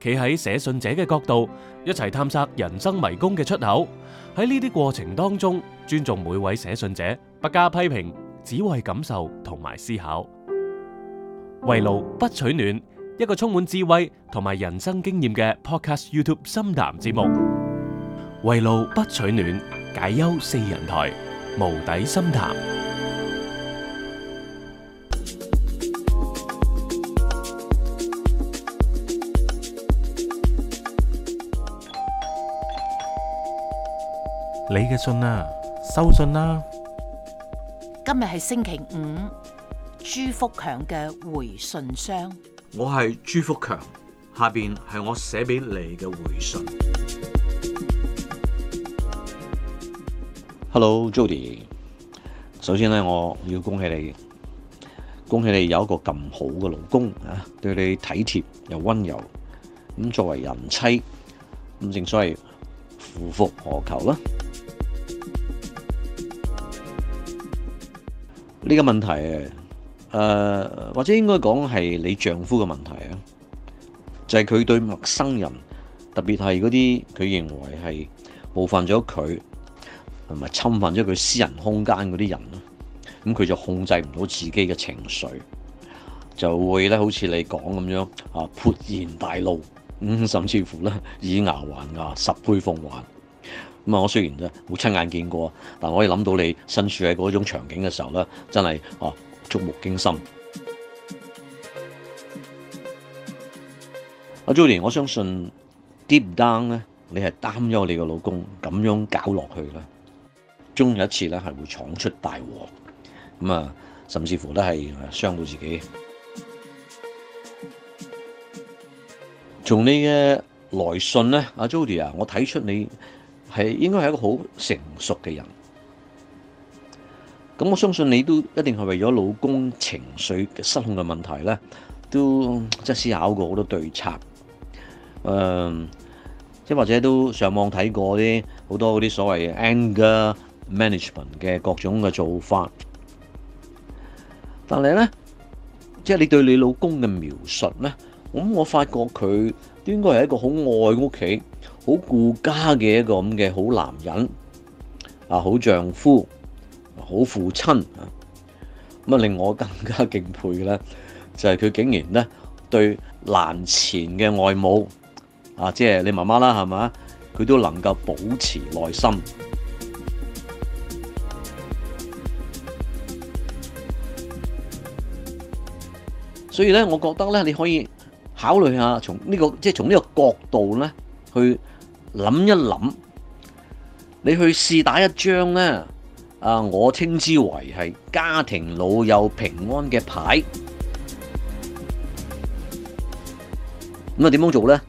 企喺寫信者嘅角度，一齊探索人生迷宮嘅出口。喺呢啲過程當中，尊重每位寫信者，不加批評，只為感受同埋思考。為路不取暖，一個充滿智慧同埋人生經驗嘅 Podcast YouTube 深談節目。為路不取暖，解憂四人台，無底深談。你嘅信啦、啊，收信啦、啊。今日係星期五，朱福強嘅回信箱。我係朱福強，下邊係我寫俾你嘅回信。Hello，Jody。首先咧，我要恭喜你，恭喜你有一個咁好嘅老公啊，對你體貼又溫柔。咁作為人妻，咁正所謂夫復何求啦。呢、這個問題誒，誒、呃、或者應該講係你丈夫嘅問題啊，就係、是、佢對陌生人，特別係嗰啲佢認為係冒犯咗佢，係咪侵犯咗佢私人空間嗰啲人啦，咁佢就控制唔到自己嘅情緒，就會咧好似你講咁樣啊，勃然大怒，咁甚至乎咧以牙還牙，十倍奉還。咁啊！我雖然咧冇親眼見過，但我可以諗到你身處喺嗰種場景嘅時候咧，真係哦、啊、觸目驚心。阿 Jody，我相信 deep down 咧，你係擔憂你個老公咁樣搞落去咧，終有一次咧係會闖出大禍。咁啊，甚至乎都係傷到自己。 從你嘅來信咧，阿 Jody 啊，我睇出你，係應該係一個好成熟嘅人。咁我相信你都一定係為咗老公情緒失控嘅問題咧，都即係思考過好多對策。誒、呃，即係或者都上網睇過啲好多嗰啲所謂 anger management 好顧家嘅一個咁嘅好男人啊，好丈夫，好父親啊，咁啊令我更加敬佩嘅咧，就係佢竟然咧對難纏嘅外母啊，即係你媽媽啦，係咪啊，佢都能夠保持耐心。所以咧，我覺得咧，你可以考慮下從呢個即係從呢個角度咧去。諗一諗。你去試打一張咧，啊，我稱之為係家庭老友平安嘅牌。咁啊，點樣做咧？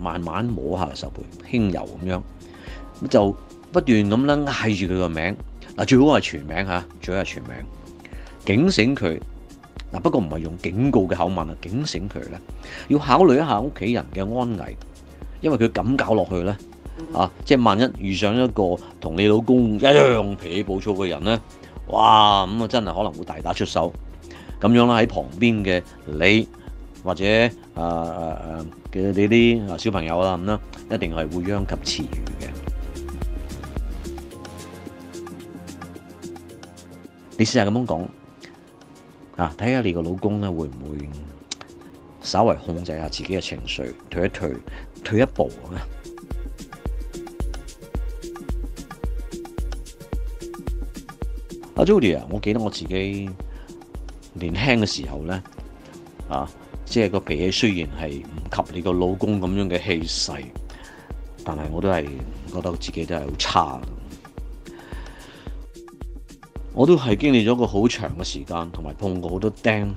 慢慢摸下手背，輕柔咁樣，咁就不斷咁樣，嗌住佢個名，嗱最好係全名嚇，最好係全，全名，警醒佢。嗱不過唔係用警告嘅口吻啊，警醒佢咧，要考慮一下屋企人嘅安危，因為佢咁搞落去咧、嗯，啊即係萬一遇上一個同你老公一樣脾氣暴躁嘅人咧，哇咁啊真係可能會大打出手，咁樣啦喺旁邊嘅你。或者啊啊啊嘅你啲啊小朋友啦咁啦，一定係會殃及池魚嘅。你試下咁樣講啊，睇下你個老公咧會唔會稍微控制下自己嘅情緒，退一退，退一步啊。阿 Jody 啊，我記得我自己年輕嘅時候咧啊。即係個脾氣雖然係唔及你個老公咁樣嘅氣勢，但係我都係覺得自己真係好差。我都係經歷咗個好長嘅時間，同埋碰過好多釘，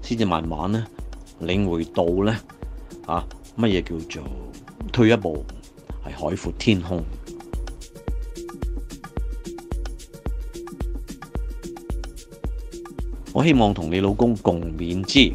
先至慢慢咧領會到咧啊乜嘢叫做退一步係海闊天空。我希望同你老公共勉之。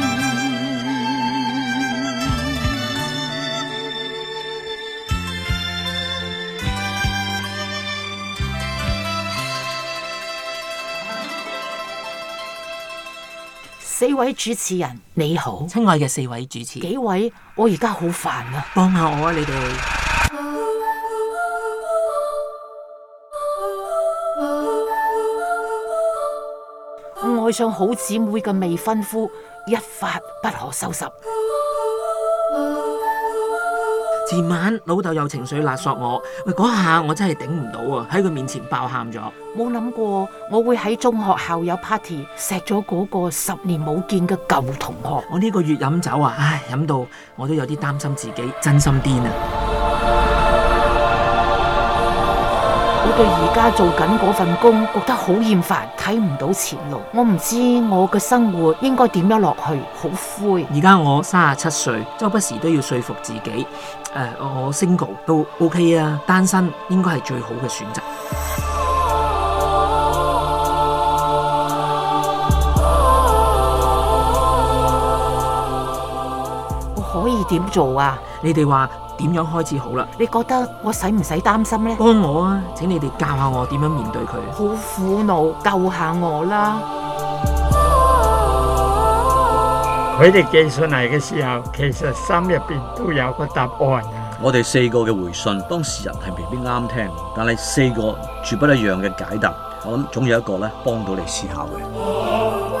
四位主持人，你好，親愛嘅四位主持，幾位，我而家好煩啊，幫下我啊，你哋愛上好姊妹嘅未婚夫，一發不可收拾。前晚老豆有情緒勒索我，喂嗰下我真係頂唔到啊！喺佢面前爆喊咗。冇諗過，我會喺中學校友 party，錫咗嗰個十年冇見嘅舊同學。我呢個月飲酒啊，唉，飲到我都有啲擔心自己，真心癲啊！對而家做緊嗰份工，覺得好厭煩，睇唔到前路。我唔知我嘅生活應該點樣落去，好灰。而家我三十七歲，周不時都要說服自己，誒、呃，我 single 都 OK 啊，單身應該係最好嘅選擇。我可以點做啊？你哋話？點樣開始好啦？你覺得我使唔使擔心咧？幫我啊，請你哋教下我點樣面對佢。好苦惱，救下我啦！佢哋寄信嚟嘅時候，其實心入邊都有個答案。我哋四個嘅回信，當事人係未必啱聽，但係四個絕不一樣嘅解答，我諗總有一個咧幫到你思考嘅。